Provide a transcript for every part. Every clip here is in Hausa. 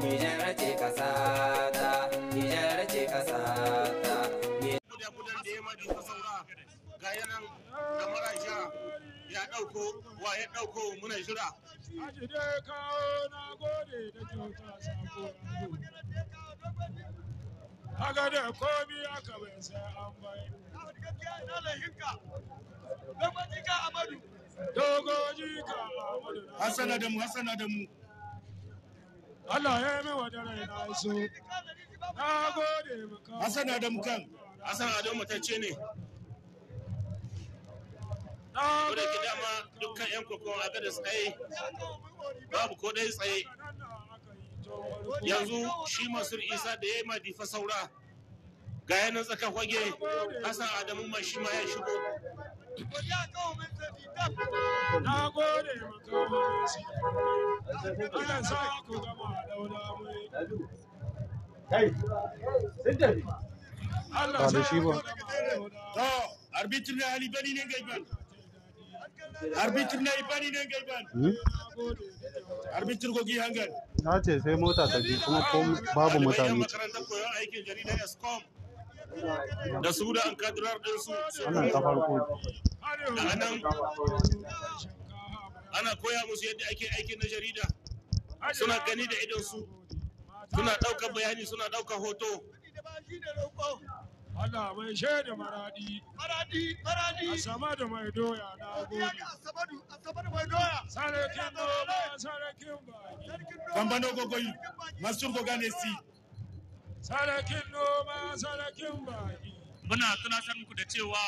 Nijar ce ƙasa ta, Nijar ta. da ya madi ka saura ga yanan da maraja ya ɗauko wa ya ɗauko muna jira. Aji kawo na gode da kyauta sako da komi aka bai sai an bai. Hassan Adamu, Hassan Adamu. Allah ya yi mawa da rai na so. Na gode maka. Hassan Adam kan. Hassan Adam mutacce ne. Kodai ki dama dukkan ƴan kokon a gada tsaye babu ko dai tsaye. Yanzu shi Masur Isa da ya yi ma difa saura. Ga yanan tsakar kwage Hassan Adamu ma shi ma ya shigo. Na gode Allah na ali bani ne na ce sai mota ta ji kuma babu mutane aikin jarida escom da su da an kadirar ɗinsu da anan ana koya musu yadda ake aikin na jarida suna gani da idonsu suna ɗaukar bayani suna ɗaukar hoto Allah mai shaida maradi. Maradi, maradi. Asama da mai doya na gobe. Asabadu, asabadu mai doya. Sarakin noma, sarakin baki. Kambano gogoyi, masu gogane si. Sarakin noma, sarakin baki. Muna tunatar muku da cewa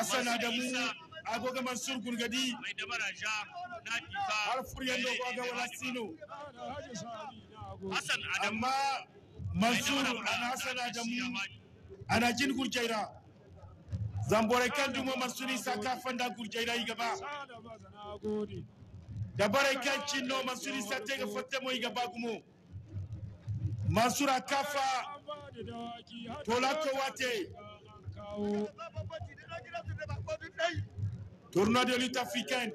Asana da Musa agoga Mansur gadi mai da ja na difa har furyan dogo ga sino Hassan Adamu amma Mansur asana Hassan Adamu ana jin Gurjaira Zambore kan Duma Mansur Isa kafan da Gurjaira yi gaba. Da bare kan Cinno mansuri Isa ta ga fatta yi gaba kuma. Masura Kafa, Tola Kowate. Tournoi de lutte africaine.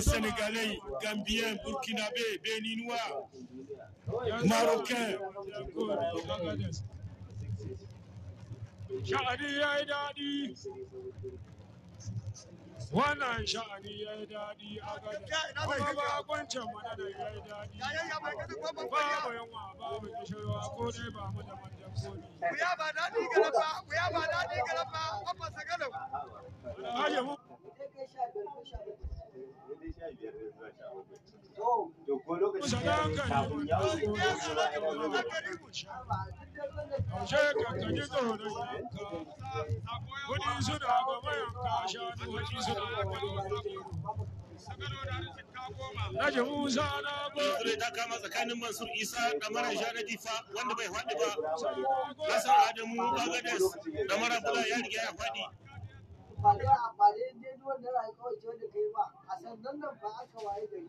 Sénégalais, Gambien, Burkinabé, Béninois, Marocain. sha'ani ya yi daɗi wannan sha'ani ya yi daɗi a gada kuma ba kwancin mana da ya yi daɗi babu yanwa babu kishirwa ko dai ba mu da manjan komi kuya ba daɗi ba daɗi sheka suna Musa na Bore ta kama tsakanin Mansur Isa da Mara Shana Difa wanda bai faɗi ba. Nasar Adamu Bagades da Mara Bula ya riga ya faɗi. Ba a ba dai dai ya rayuwa ce wanda kai ba a sannan nan ba aka waye gari.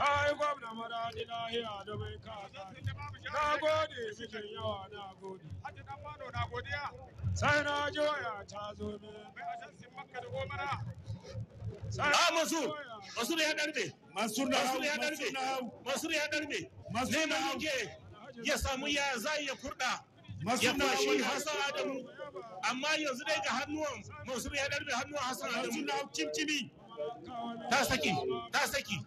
ai gwamna maradi lahiya da mai kasa na gode mijin yawa na gode hajji dan mano na godiya sai na joya ta zo ne mai ajansin makka da gomara Ah, Masur, Masur ya darbe. Masur na Masur ya darbe. Masur ya darbe. Neman yake ya samu ya zai ya kurda. Ya kwashi Hassan Adamu. Amma yanzu dai ga hannuwan Masur ya darbe hannuwan Hassan Adamu. na hau cimcimi! Ta saki, ta saki.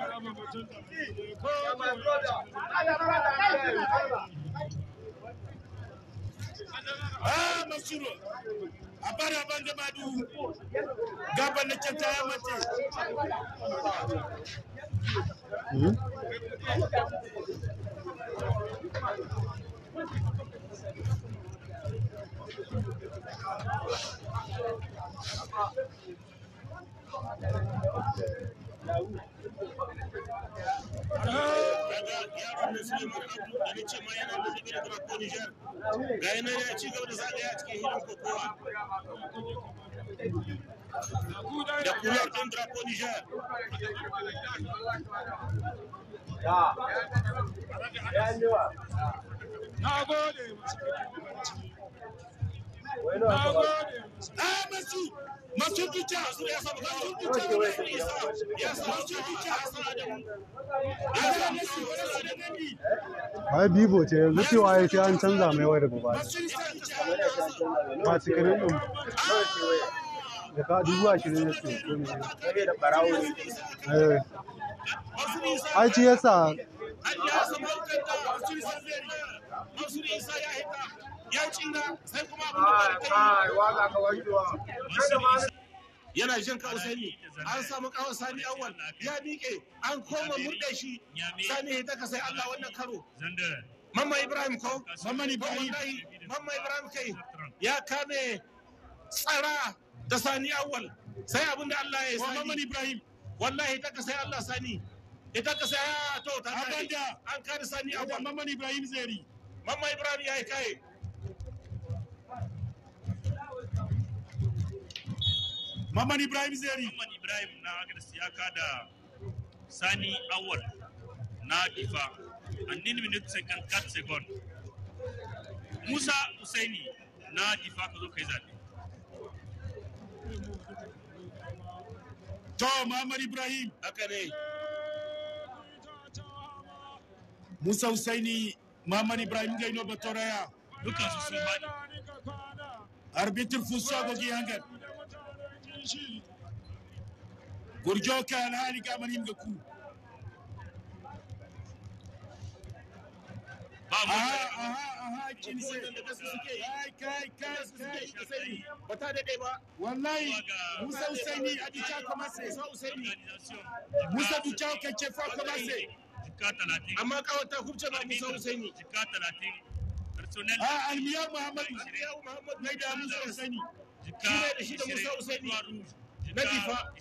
Ah, Masuru, a ban da ya mace. Thank hmm? you. ga yaron da Suleiman Abdu a nace ma yana da zubi da Draco Niger ga yana ya ci gaba da zagaya a cikin hilin kokowa da kuliyar ɗin Draco Niger na gode Amasi masu fita ya samu masu fita da ya Wai bibo ce yanzu cewa ya ce an canza mai wayar gaba. Ba cikin ɗin. Da ashirin ya ce. Saboda barawo eh. Ai ce yasa. ya samu kanta wasu zai. Wasu ya cinga sai kuma abin da kai yana jin ka usaini an samu kawo sani awal ya dike, an koma murɗe shi sani ya taka sai Allah wannan karo mamma ibrahim ko mamma ibrahim mamma ibrahim kai ya kame tsara da sani awal sai abin da Allah ya sani mamma ibrahim wallahi taka sai Allah sani ita ka sai ah, to ta an kare sani awal mamma ibrahim zeri mamma ibrahim ya kai Mamman Ibrahim Zeri. Mamman Ibrahim na Agadis ya kada Sani Awal na Difa a 9 minutes and second. Musa Usaini na Difa ka zo kai To Mamman Ibrahim. Haka ne. Musa Usaini Mamman Ibrahim Gaino Batoraya. Dukansu sun bani. Fusa Hangar. gurjo kan hani kamar yin aha aha aha kai kai kai ba ta dade ba wallahi musa usaini adicha kamase musa usaini musa ducha kace fa kamase amma ka wata kubce ba musa usaini jika 30 a ah, almiya muhammadu mai da musa usaini shi ne shi da musa usaini na difa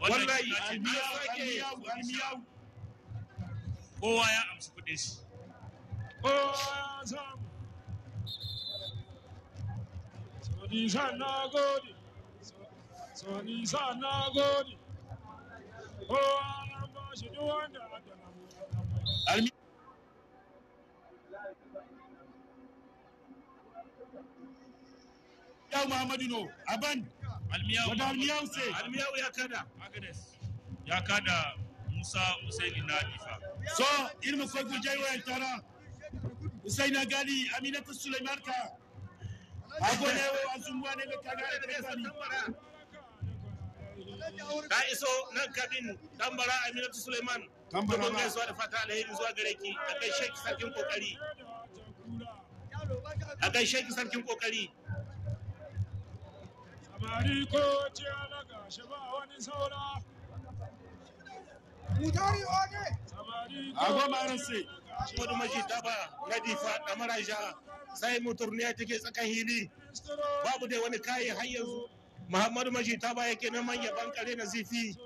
wallahi albiya sake yawu albiya kowa ya amsa kudin shi samu sonisa na gode sonisa na gode kowa ba shi duk da muhammadu no aban almiyau da almiyau sai almiyau ya kada ya kada musa husaini na difa so ilmu ko gujai wa tara husaina gali aminatu sulaiman ka agone wa azumwa ne ka ga da sani ka iso nan kabin tambara aminatu suleiman tambara ne gaisuwa da fata alheri zuwa gare ki a kai sheki sarkin kokari a kai sheki sarkin kokari samari ko ciya na gashi ba wani saura mutari oge agoma rasi kudu maji daba na difa da maraja sai muturniya take tsakan hili babu dai wani kayi har yanzu muhammadu maji daba yake neman ya bankare na zifi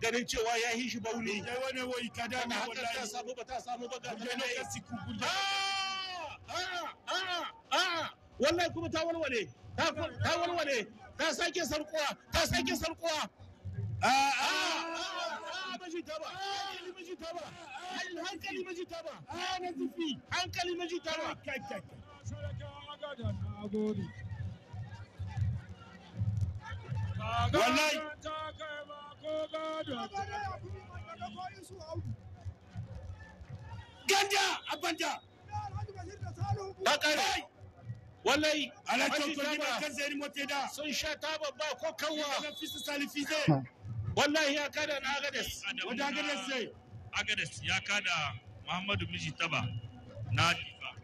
ganin cewa ya yi shi bauli wani wai kada na haka ta samu ba ta samu ba ga ah! Ah! Ah! wallahi kuma ta walwale ta walwale ta sake sarkuwa ta sake sarkuwa a a maji ta ba hankali maji ta ba hankali maji ta ba a na zufi hankali maji ta ba kai kai wallahi ganja abanja ta kare wallahi alhaji koli ba kan zai mote da sun sha ta babba ko kawwa ga fisu salifi zai wallahi ya kada na agades wanda agades zai agades ya kada muhammadu miji taba na difa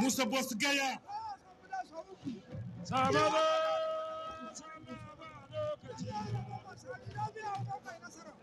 musa boss gaya Sababa! Sababa!